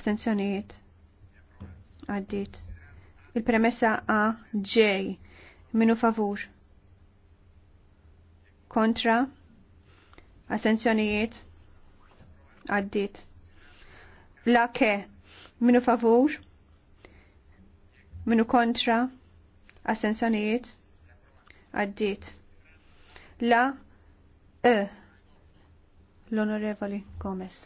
assenzjonijiet għaddit il-premessa A J minu favur kontra assenzjonijiet għaddit, la ke Minu favur? Minu kontra? Assenzjonijiet? Għaddit. La E. L-Onorevoli Gomez.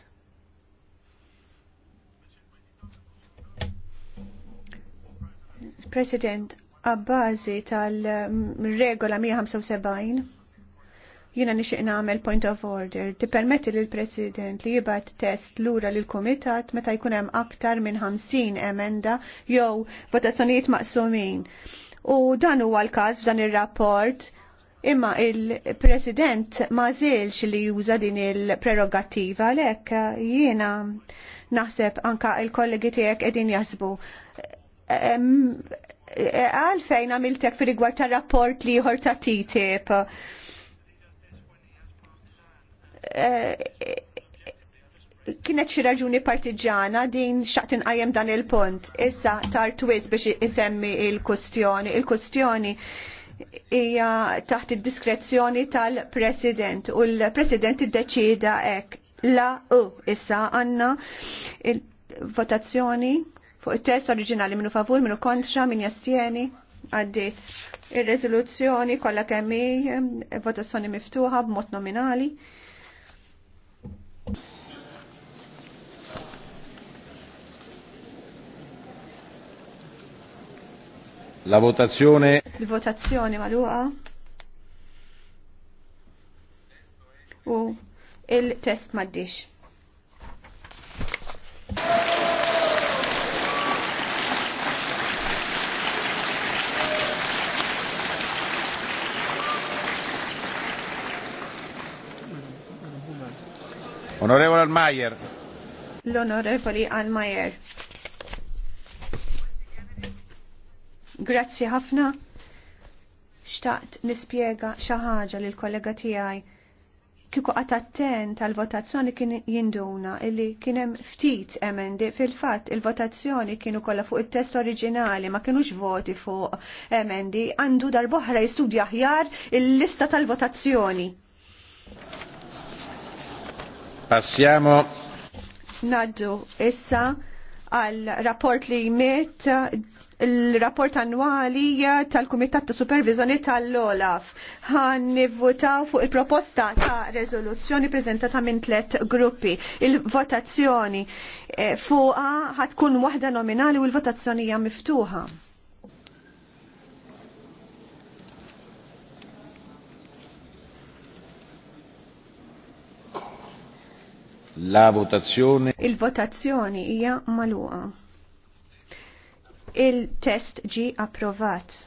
President, għabbażi tal-regola 175 Jiena nixtieq nagħmel point of order. li l President li jibgħat test lura l kumitat meta jkun hemm aktar minn 50 emenda jew votazzjonijiet maqsumin. U dan huwa l-każ dan ir-rapport imma il-President ma żilx li juża din il-prerogattiva lek jiena naħseb anka il-kollegi tiegħek qegħdin jasbu għalfejn għamiltek fi rigward ta' rapport li jħor ta' TTIP. Eh, kienet xi raġuni partiġana din xaqt inqajjem dan il-punt. Issa tar twist biex isemmi il-kustjoni. Il-kustjoni hija taħt id-diskrezzjoni tal-President u l-President iddeċida hekk. La u issa għandna il-votazzjoni fuq it-test oriġinali minnu favur, minnu kontra, min jastjeni għaddit. il-rezoluzzjoni kollha kemm votazzjoni miftuħa b'mod nominali. La votazione. Il-votazzjoni maluqa. U il-test maddix. Onorevole Almayer. L'onorevole Almayer. Grazzi ħafna. Xtaqt nispjega xi ħaġa lil kollega tiegħi kiku attent tal-votazzjoni kien jinduna illi kien hemm ftit emendi fil-fatt il-votazzjoni kienu kollha fuq it-test oriġinali ma kienux voti fuq emendi għandu darboħra jistudja aħjar il-lista tal-votazzjoni. Passiamo. Naddu issa għal rapport li jmet il-rapport annwali tal-Kumitat ta' Supervizjoni tal-Olaf. Għan nivvotaw fuq il-proposta ta' rezoluzzjoni prezentata minn tlet gruppi. Il-votazzjoni eh, fuqa ħatkun waħda nominali u l-votazzjoni hija miftuħa. La votazione. Il-votazzjoni hija malua. Il-test G approvat.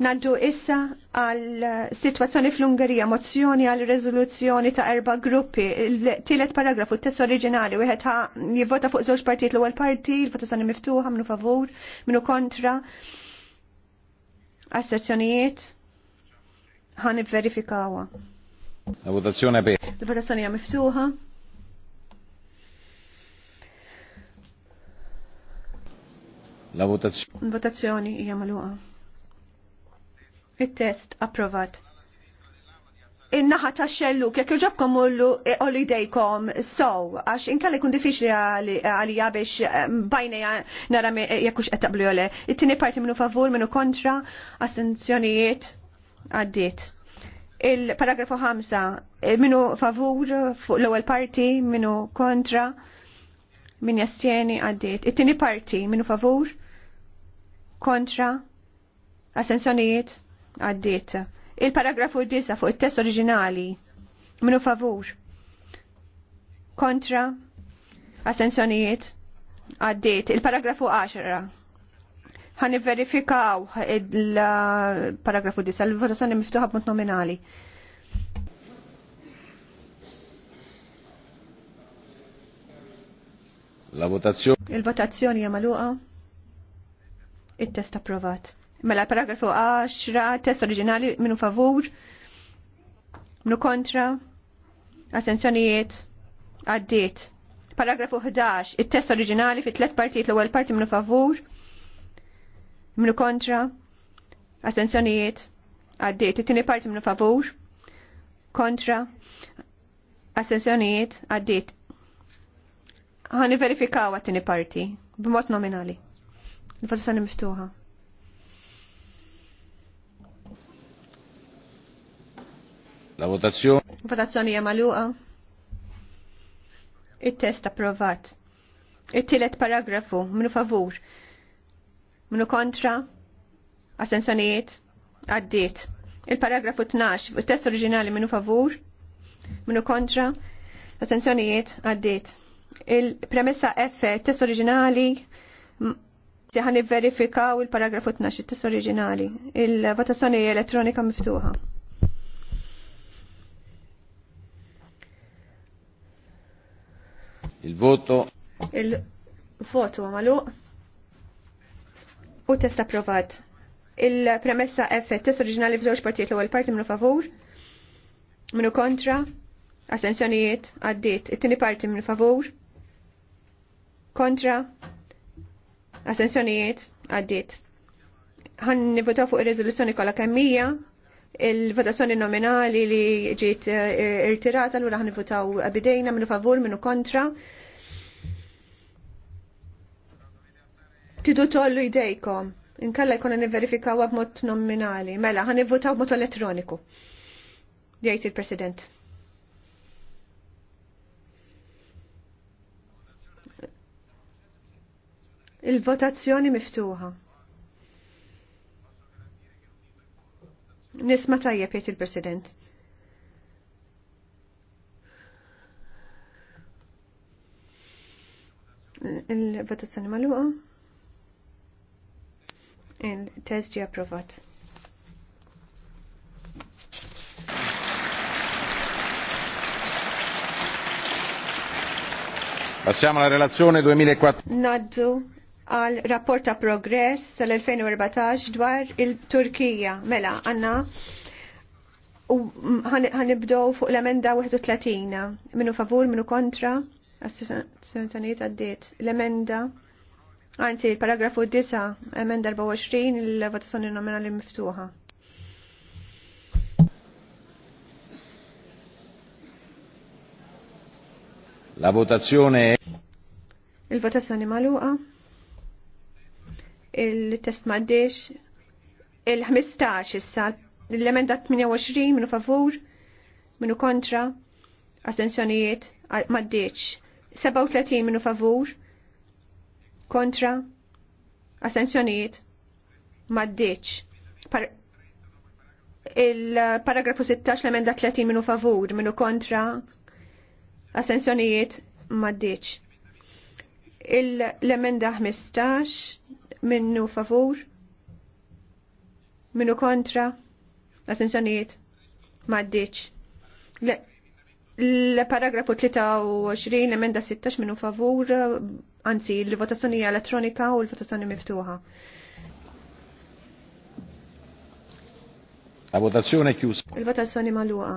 Nandu issa għal situazzjoni fl-Ungerija, mozzjoni għal rezoluzzjoni ta' erba gruppi. Tielet paragrafu, test oriġinali, wieħed ta' jivvota fuq żewġ partijiet l-ewwel parti, il-votazzjoni miftuħa minnu favur, minnu kontra, Astenzjonijiet? Ħan verifikawa. La votazzjoni be. La votazzjoni hija miftuħa. La votazzjoni. votazzjoni hija magħluqa. Il-test approvat in-naħa ta' xellu kek joġobkom ullu eh, holiday.com so għax inkalli jkun diffiċli għalija biex eh, bajna nara eh, jekkux qed taqblu jole. It-tieni parti minnu favur minnu kontra astenzjonijiet għaddiet. Il-paragrafu 5 minnu favur l-ewwel parti minnu kontra min jastjeni għaddiet. It-tieni parti minnu favur kontra astenzjonijiet għaddit. Il-paragrafu 9 fuq it-test oriġinali. Minu favur. Kontra. Astenzjonijiet. għaddit, Il-paragrafu 10. Ħan verifikaw il-paragrafu disa, Il-votazzjoni miftuħa b'mod nominali. La votazzjoni. Il-votazzjoni jamaluqa. Il-test approvat. Mela paragrafu 10, test oriġinali minu favur, minu kontra, assenzjonijiet, għaddiet. Paragrafu 11, il-test oriġinali fi tlet partijiet l-ewwel parti minu favur, minu kontra, assenzjonijiet, għaddiet. Il-tini parti minu favur, kontra, assenzjonijiet, għaddiet. Għani verifikaw għat-tieni parti, b'mod nominali. Il-votazzjoni miftuħa. La votazzjoni. Votazzjoni hija magħluqa. Il-test approvat. Il-tielet paragrafu, minu favur. Minu kontra. Assenzjonijiet. Għaddiet. Il-paragrafu 12, il-test oriġinali minu favur. Minu kontra. Assenzjonijiet. Għaddiet. Il-premessa F, il-test oriġinali. Tiħan verifikaw il-paragrafu 12, il-test oriġinali. Il-votazzjoni elettronika miftuħa. Il-voto. Il-voto Malu. U test approvat. Il-premessa F, test oriġinali f'żewġ partijiet l-ewwel parti minnu favur, minnu kontra, assenzjonijiet għaddiet. It-tieni parti minnu favur, kontra, assenzjonijiet għaddiet. Ħan nivvotaw fuq ir-riżoluzzjoni kollha kemmija il-votazzjoni nominali li ġiet eh, irtirata l ħan votaw bidejna minnu favur minnu kontra. Tidu tollu idejkom. Inkalla jkun niverifikaw b'mod nominali. Mela, ħan votaw b'mod elettroniku. Jgħid il-President. Il-votazzjoni miftuħa. Nisma tajjeb jgħid il-President. Il-votazzjoni maluqa. Il-test ġi approvat. Passiamo alla relazione 2004. E Naddu għal rapport ta' progress tal-2014 dwar il-Turkija. Mela, għanna għanibdow fuq l-emenda 31. Minu favur, minu kontra, għas-sentaniet għaddit, L-emenda, għanzi, il-paragrafu 9, emenda 24, il-votazzjoni nominali miftuħa. La votazione è... Il votazione maluqa il-test maddix: il-15 issa, l-emenda 28 minu favur, minu kontra, astensjonijiet maddiex, 37 minu favur, kontra, astensjonijiet Par il-paragrafu 16 l-emenda 30 minu favur, minu kontra, astensjonijiet maddiex. Il-emenda 15 minnu favur, minnu kontra, l-assenzjoniet, maddiċ. L-paragrafu 23, emenda 16 minnu favur, anzi, l-votazzjoni elettronika u l-votazzjoni miftuħa. La votazzjoni chiusa. Il-votazzjoni maluqa.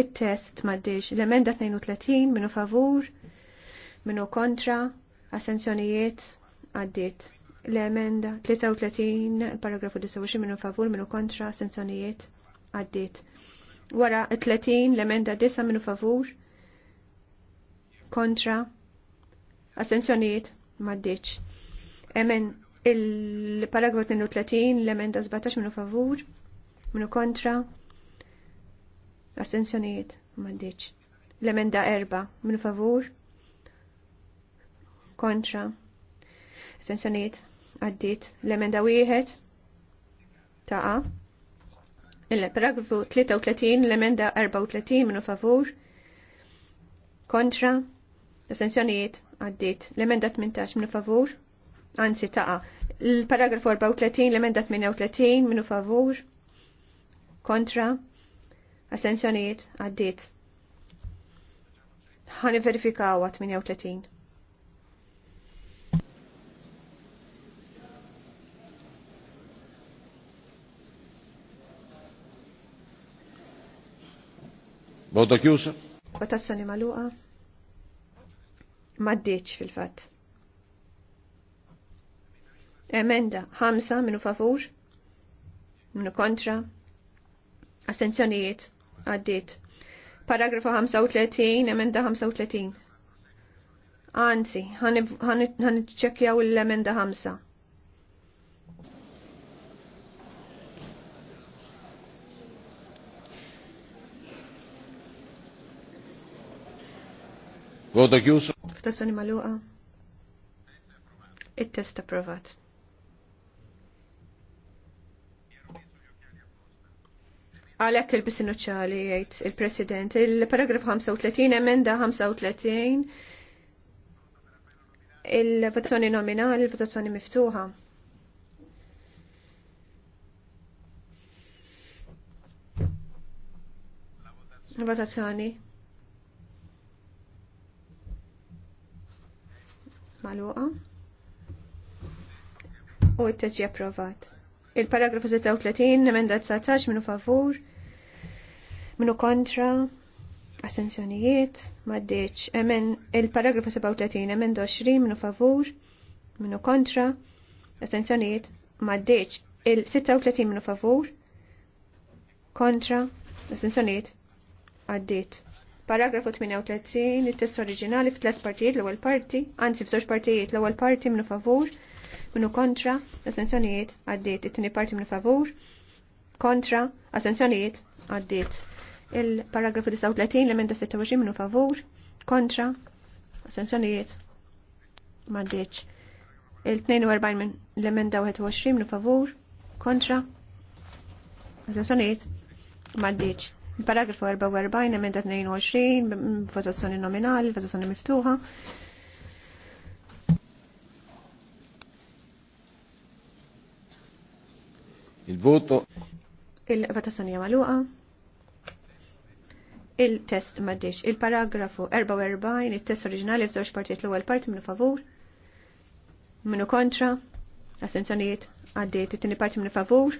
Il-test maddiġ. L-emenda 32 minnu favur, minnu kontra, assenzjonijiet, għaddit l-emenda 33 paragrafu 29 minu favur minu kontra sensonijiet għaddit. Wara 30 l-emenda 9 minu favur kontra assenzjonijiet maddiċ. Emen il-paragrafu 32 l-emenda 17 minu favur minu kontra assenzjonijiet maddiċ. L-emenda 4 minu favur kontra sensjoniet għaddit. L-emenda wieħed taqa. Il-paragrafu 33, l-emenda 34 minu favur. Kontra. sensjoniet għaddit. L-emenda 18 minu favur. Anzi taqa. Il-paragrafu 34, l-emenda 38 minu favur. Kontra. Astenzjonijiet għaddit. Ħani verifikaw 38. Voto chiuso. Votazzjoni maluqa. Maddiċ fil-fat. Emenda, ħamsa minu favur, minu kontra, Assenzjonijiet? għaddit. Paragrafu 35, emenda 35. Anzi, ħan ċekjaw l-emenda 5. Vota chiuso. Votazzjoni maluqa. Il-test approvat. Għalek il-bisinu ċali jgħid il-President. Il-paragraf 35, emenda 35, il-votazzjoni nominali, il-votazzjoni miftuħa. Votazzjoni. Maluqa. U t-teġi approvat. Il-paragrafu 36, emenda 19, minu favur, minu kontra, assenzjonijiet maddeċ. Emen, il-paragrafu 37, emenda 20, minu favur, minu kontra, assenzjonijiet, maddeċ. Il-36 minu favur, kontra, assenzjonijiet għaddit. Paragrafu 38, il-test oriġinali f'tlet partijiet l-ewwel parti, anzi f'żewġ partijiet l-ewwel parti minnu favur, minnu kontra, astensjonijiet għaddiet, it-tieni parti minnu favur, kontra, astensjonijiet għaddiet. Il-paragrafu 39, l-emenda 26 minnu favur, kontra, astensjonijiet għaddiet. Il-42 minn l-emenda 21 minnu favur, kontra, astensjonijiet għaddiet. Paragrafu 44, emenda 22, votazzjoni nominali, votazzjoni miftuħa. Il-voto. Il-votazzjoni jamaluqa. Il-test maddix. Il-paragrafu 44, il-test oriġinali f'żewġ partijiet l-ewwel parti minu favur, Minu kontra, astenzjonijiet għaddiet, it-tieni parti minn favur,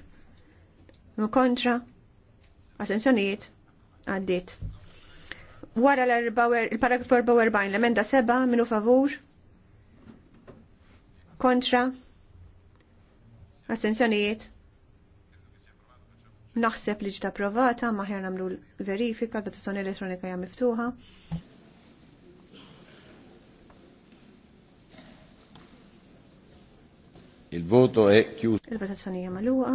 minnu kontra, Asensjonijiet għaddit. Wara l-paragraf 44 l-emenda 7 minu favur kontra Asensjonijiet Naħseb li ġta provata, maħjar namlu verifika, l-votazzjoni elettronika hija miftuħa. Il-voto è chiuso. Il-votazzjoni l magħluqa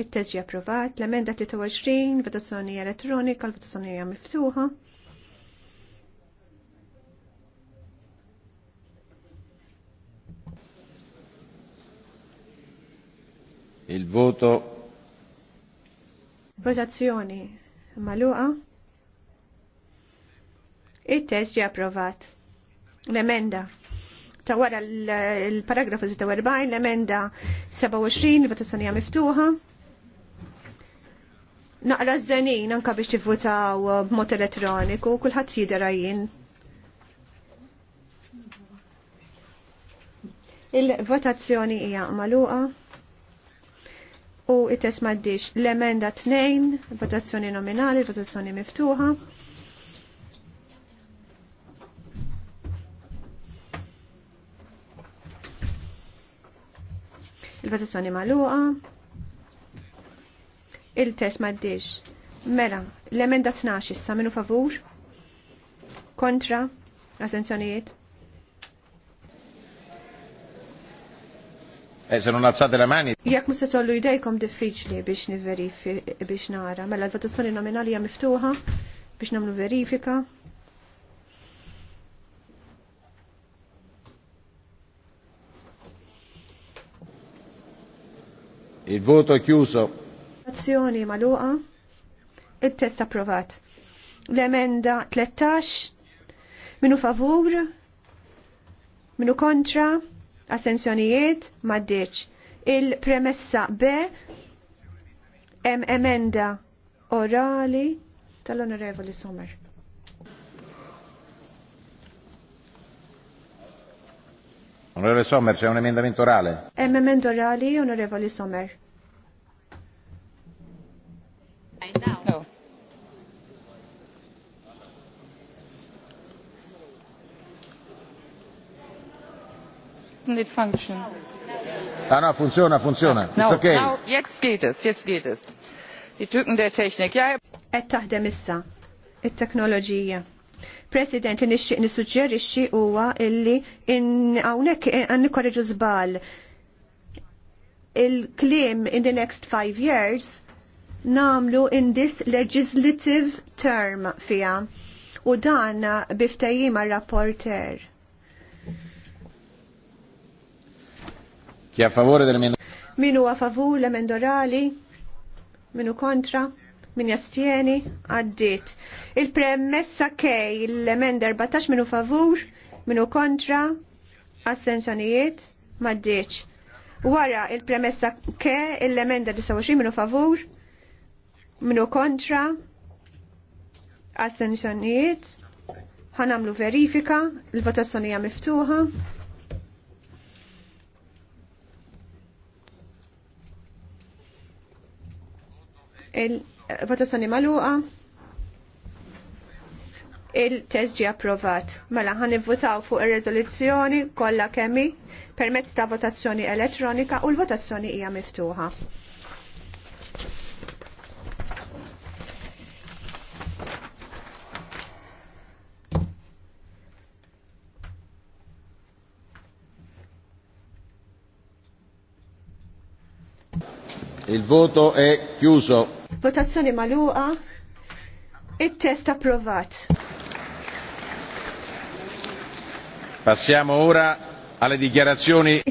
it-teġi approvat, l-emenda 23, votazzjoni elettronika, l-votazzjoni hija miftuħa. Il voto Votazzjoni maluqa. it test approvat. L-emenda ta' wara l-paragrafu 46, l-emenda 27, votazzjoni miftuħa naqra żenin anka biex tivvutaw b'mod elettroniku, kulħadd jidher jien. Il-votazzjoni hija magħluqa u it-test l-emenda tnejn, votazzjoni nominali, votazzjoni miftuħa. Il-votazzjoni magħluqa. Il-test maddiġ. Mela, l-emenda 12 issa minu favur? Kontra? Asenzjonijiet? E eh, se non alzate le mani. Jekk ma se tollu jdejkom diffiċli biex niverifi biex nara. Mela l-votazzjoni nominali hija miftuħa biex nagħmlu verifika. Il voto è chiuso azzjoni maluqa. Il-test approvat. L-emenda 13. Minu favur. Minu kontra. Assenzjonijiet. maddeċ. Il-premessa B. emenda orali tal-Onorevoli Sommer. Onorevole Sommer, c'è un emendamento orale. Emendamento orali, Onorevoli Sommer. didn't it function? Ah, no, funziona, funziona. No, It's okay. Now, jetzt geht es, jetzt geht es. Die Tücken der Technik. Ja. Et taħdem issa. It-teknoloġija. President li nixtieq nissuġġerixxi huwa illi hawnhekk eh, nikkoreġu żball. Il-kliem in the next five years namlu in this legislative term fija. U dan biftajim rapporter Chi a favore dell'emendamento? Minu a favur l-emendorali? Minu kontra? Min jastieni? Addit. Il-premessa che l-emenda 14 minu favur? Minu kontra? Assenzjonijiet? Maddiċ. Wara il-premessa ke l-emenda 29 minu favur? Minu kontra? Assenzjonijiet? Ħanamlu verifika, il-votazzjonija miftuħa. Il-votazzjoni maluqa. Il-test ġi approvat. Mela ħan votaw fuq ir-rezoluzzjoni kollha kemmi permezz ta' votazzjoni elettronika u l-votazzjoni hija miftuħa. Il voto è chiuso. Votazzjoni maluqa. Il-test approvat. Passiamo ora alle dichiarazioni.